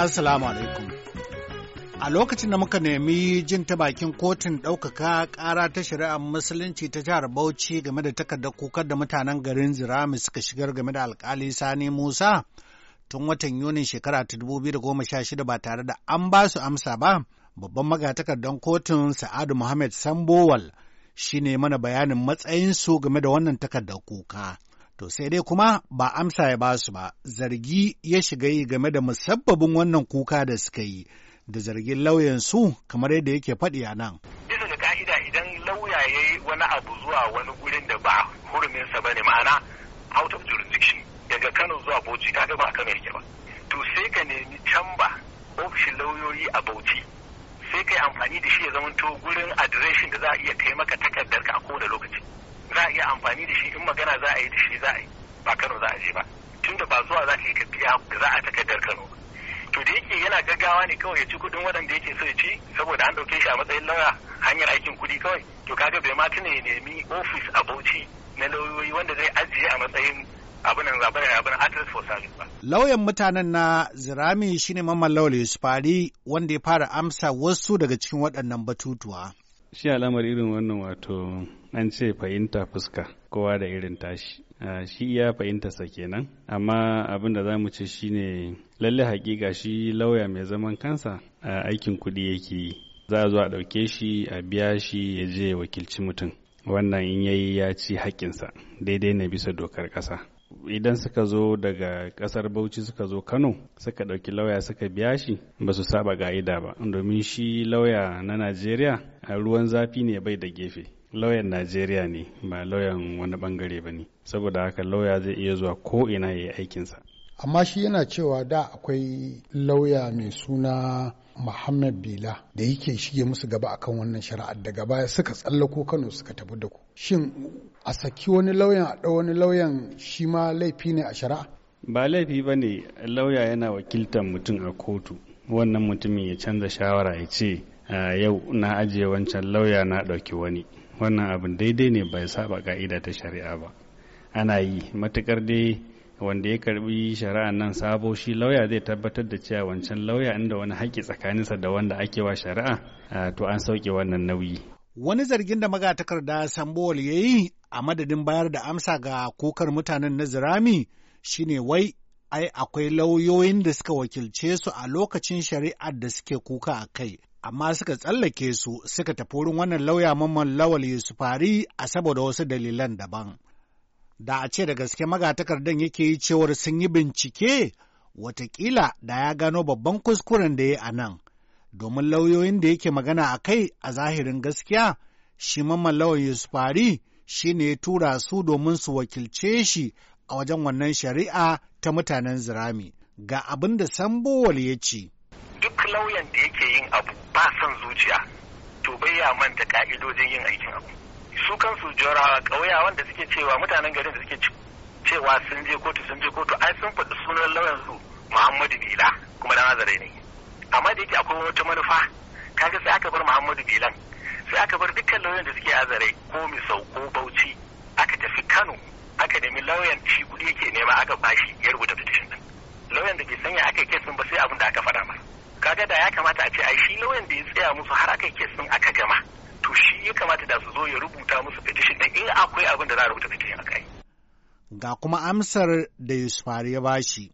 assalamu alaikum a lokacin da muka nemi jin ta bakin kotun ɗaukaka ƙara ta shari'ar musulunci ta jihar bauchi game da takardar kukar da mutanen garin zirami suka shigar game da alkali sani musa tun watan yunin shekara ta 2016 ba tare da an ba su amsa ba babban magatakardan kotun sa'adu muhammad sambowal shi ne mana bayanin matsayinsu game da wannan takardar kuka To sai dai kuma ba amsa ya ba su ba, zargi ya shiga yi game da musabbabin wannan kuka da suka yi, da zargin lauyan su kamar yadda yake faɗi a nan. Bisa ga ka'ida idan lauya ya yi wani abu zuwa wani gurin da ba huruminsa ba ne ma'ana out of jurisdiction daga Kano zuwa Bauchi ta ba Kano yake ba. To sai ka nemi camba ofishin lauyoyi a Bauchi sai ka yi amfani da shi ya zama zamanto gurin adireshin da za a iya kai maka takardarka a kowane lokaci. za a iya amfani da shi in magana za a yi da shi za a yi ba Kano za a je ba tunda ba zuwa za ka yi za a takardar Kano to da yake yana gaggawa ne kawai ya ci kudin waɗanda yake so ya ci saboda an ɗauke shi a matsayin lauya hanyar aikin kuɗi kawai to kaga bai ma tuna ya nemi ofis a Bauchi na lauyoyi wanda zai ajiye a matsayin abin zaɓen abin address for service ba. Lauyan mutanen na Zirami shine Mamman Lawal Yusufari wanda ya fara amsa wasu daga cikin waɗannan batutuwa. shi alamar irin wannan wato an ce fahimta fuska kowa da irin tashi ah, shi iya fahimtarsa kenan amma abin da za mu ce ne lalle hakika shi lauya mai zaman kansa a aikin kuɗi yake yi za a zo a ɗauke shi a biya shi ya je wakilci mutum wannan in yayi ya ci haƙƙinsa daidai na bisa dokar ƙasa idan suka zo daga kasar bauchi suka zo kano suka ɗauki lauya suka biya shi ba su saba ga'ida ba domin shi lauya na najeriya ruwan zafi ne bai da gefe lauyan najeriya ne ba lauyan wani bangare ba ne saboda haka lauya zai iya zuwa ko ina ya yi aikinsa amma shi yana cewa da akwai lauya mai suna Muhammad Bila da yake shige musu gaba akan wannan shari'ar daga baya suka tsallako Kano suka tafi da ku. Shin a saki wani lauyan a ɗau wani lauyan shi ma laifi ne a shari'a? Ba laifi ba ne lauya yana wakiltar mutum a kotu. Wannan mutumin ya canza shawara ya ce yau na ajiye wancan lauya na ɗauki wani. Wannan abin daidai ne bai saba ka'ida ta shari'a ba. Ana yi matukar dai wanda ya karbi shari'a nan sabo shi lauya zai tabbatar da cewa wancan lauya inda wani haƙƙi tsakaninsa da wanda ake wa shari'a to an sauke wannan nauyi wani zargin da magatakarda sambowal ya yi a madadin bayar da amsa ga kokar mutanen na zirami shine wai ai akwai lauyoyin da suka wakilce su a lokacin shari'ar da suke kuka a kai amma suka tsallake su suka tafi wurin wannan lauya mamman lawal yusufari a saboda wasu dalilan daban da a ce da gaske magatakardan yake yi cewar sun yi bincike watakila da ya gano babban kuskuren da ya a nan domin lauyoyin da yake magana a kai a zahirin gaskiya shi Yusuf yusufari shi ne ya tura su domin su wakilce shi a wajen wannan shari'a ta mutanen zirami ga abin da sambowal ya ce duk lauyan da yake yin abu ba son zuciya to bai ya manta ka'idojin yin aikin abu su kansu jarawa ƙauya wanda suke cewa mutanen garin da suke cewa sun je kotu sun je kotu ai sun faɗi sunan lauyan su Muhammadu Bila kuma da nazare ne amma da yake akwai wata manufa kaga sai aka bar Muhammadu Bilan sai aka bar dukkan lauyan da suke azare ko Misau ko Bauchi aka tafi Kano aka nemi lauyan shi kudi yake nema aka bashi ya rubuta petition din lauyan da ke sanya aka yi kesin ba sai abin da aka faɗa masa kaga da ya kamata a ce ai shi lauyan da ya tsaya musu har aka yi kesin aka gama shi ya kamata da su zo ya rubuta musu petition din in akwai abin da za a rubuta petition akai ga kuma amsar da Yusuf ya bashi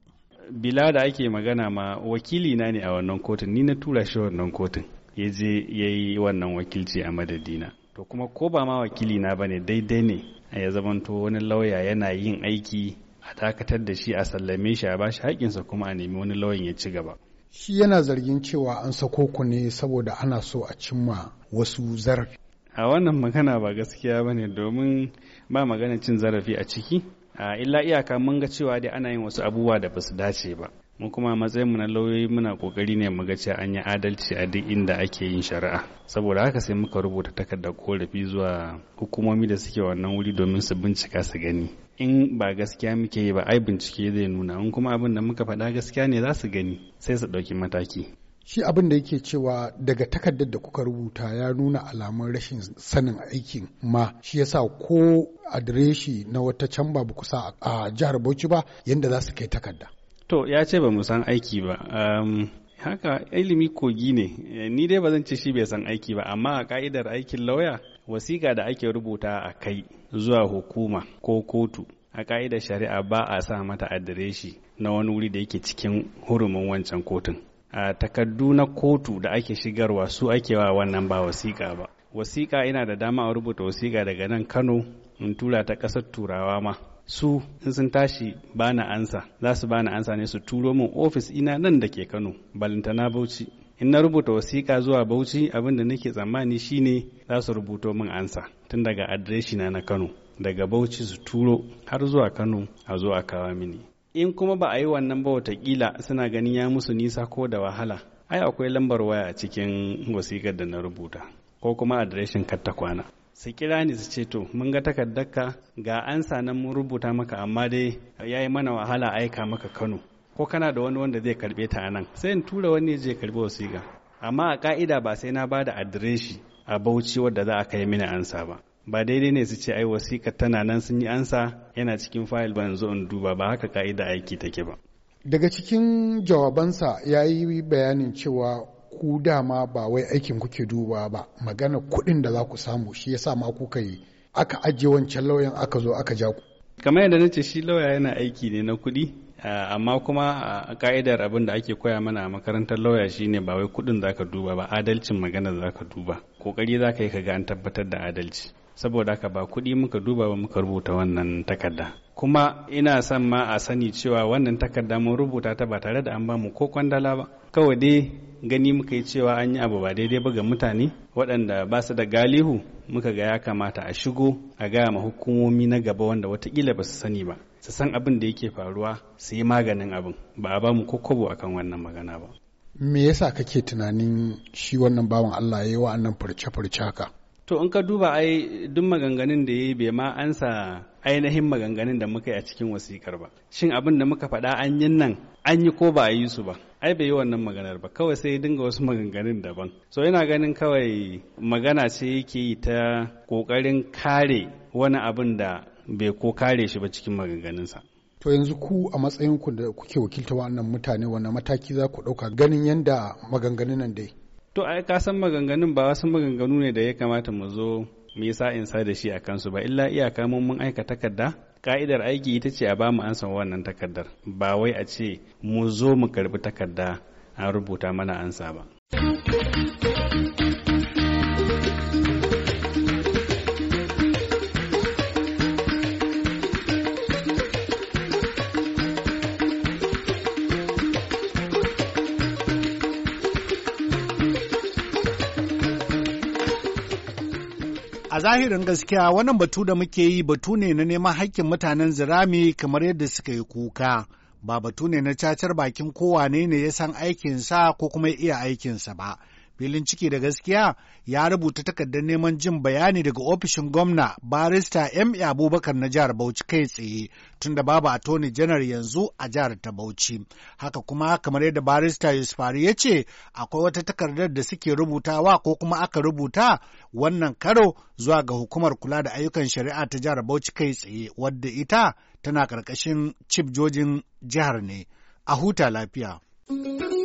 bila da ake magana ma wakili na ne a wannan kotun ni na tura shi wannan kotun ya je ya yi wannan wakilci a madadina to kuma ko ba ma wakili na bane daidai ne a ya zamanto wani lauya yana yin aiki a dakatar da shi a sallame shi a bashi haƙinsa kuma a nemi wani lauyan ya ci gaba Shi yana zargin cewa an sako ku ne saboda ana so a cimma wasu zarafi. A wannan magana ba gaskiya ba ne domin ba magana cin zarafi a ciki. A illa iyaka mun ga cewa dai ana yin wasu abubuwa da basu dace ba. Mu kuma matsayin mu na lauyoyi muna kokari ne mu ga cewa an yi adalci a duk inda ake yin shari'a. Saboda haka sai muka rubuta takardar korafi zuwa hukumomi da suke wannan wuri domin su bincika su gani. in ba gaskiya muke yi ba ai bincike zai nuna in kuma abin da muka faɗa gaskiya ne za su gani sai su ɗauki mataki shi abin da yake cewa daga takardar da kuka rubuta ya nuna alamun rashin sanin aikin ma shi yasa ko adireshi na wata can ba kusa a jihar bauchi ba yadda za su kai takarda to ya ce ba mu san aiki ba haka ilimi kogi ne ni dai ba zan ce shi bai san aiki ba amma a ka'idar aikin lauya wasiƙa da ake rubuta a kai zuwa hukuma ko kotu a ka'idar shari'a ba a sa mata adireshi na wani wuri da yake cikin hurumin wancan kotun a takardu na kotu da ake shigarwa su ake wa wannan ba wasiƙa ba wasiƙa ina da dama a rubuta wasiƙa daga nan kano in tura ta ƙasar turawa ma su in sun tashi bana ansa za su bana ansa ne su turo min ofis ina nan da ke kano balintana bauchi in na rubuta wasiƙa zuwa bauchi abin da nake tsammani shine za su rubuto min ansa tun daga adireshina na kano daga bauchi su turo har zuwa kano a zo a kawo mini in kuma ba a yi wannan ba watakila suna ganin ya musu nisa ko da wahala ai akwai lambar waya a cikin wasiƙar da na rubuta ko kuma adireshin katta kwana su kira ni su ce to mun ga takardarka ga ansa nan mun rubuta maka amma dai ya yi mana wahala aika maka kano ko kana da wani wanda zai karbe ta nan sai in tura wani zai karbi wasiƙa amma a ka'ida ba sai na bada adireshi a bauchi wadda za a kai mini ansa ba ba daidai ne su ce ai wasiƙa tana nan sun yi ansa yana cikin fayil ba yanzu in duba ba haka ka'ida aiki take ba daga cikin jawabansa ya yi bayanin cewa ku dama ba wai aikin kuke duba ba magana kuɗin da za ku samu shi yasa ma kuka yi aka ajiye wancan lauyan aka zo aka ja ku kamar yadda na ce shi lauya yana aiki ne na kuɗi Eh, amma kuma a eh, ka'idar abin da ake koya mana a makarantar lauya shine ba wai kudin ka duba ba adalcin magana za ka duba kokari zaka yi ka ga an tabbatar da adalci saboda haka ba kuɗi muka duba ba muka rubuta wannan takarda kuma ina son ma a sani cewa wannan takarda mun rubuta ta ba tare da an ba mu ko kwandala ba kawai dai gani muka yi cewa an yi abu ba daidai ba ga mutane waɗanda ba su da galihu muka ga ya kamata a shigo a gaya ma hukumomi na gaba wanda watakila ba su sani ba su san abin da yake faruwa su yi maganin abin ba a bamu mu kokobo akan wannan magana ba me yasa kake tunanin shi wannan bawan Allah ya yi wa'annan furce farce haka to in ka duba ai duk maganganun da ya yi bai ma ansa ainihin maganganun da muka yi a cikin wasikar ba shin abin da muka faɗa an yi nan an yi ko ba a yi su ba ai bai yi wannan maganar ba kawai sai dinga wasu maganganun daban so yana ganin kawai magana ce yake yi ta kokarin kare wani abin da bai ko kare shi ba cikin maganganunsa. To yanzu ku a matsayin ku da kuke wakilta wannan mutane wannan mataki za ku ɗauka ganin yadda maganganun nan dai. To ai ka san maganganun ba wasu maganganu ne da ya kamata mu zo mu yi sa'in sa da shi a kansu ba illa iyaka mun mun aika takarda ka'idar aiki ita ce a bamu ansa wannan takardar ba wai a ce mu zo mu karbi takarda an rubuta mana ansa ba. A zahirin gaskiya wannan batu da muke yi batu ne na neman haƙƙin mutanen zirami kamar yadda suka yi kuka. Ba batu ne na cacar bakin kowane ne ya san aikinsa ko kuma iya aikinsa ba. filin ciki da gaskiya ya rubuta takardar neman jin bayani daga ofishin gwamna barista m abubakar na jihar bauchi kai tsaye tunda babu attorney janar yanzu a jihar ta bauchi haka kuma kamar yadda barista Yusuf yusufari ya ce akwai wata takardar da suke rubutawa ko kuma aka rubuta wannan karo zuwa ga hukumar kula da ayyukan shari'a ta jihar bauchi kai tsaye wadda ita tana ƙarƙashin cibjojin jihar ne a huta lafiya.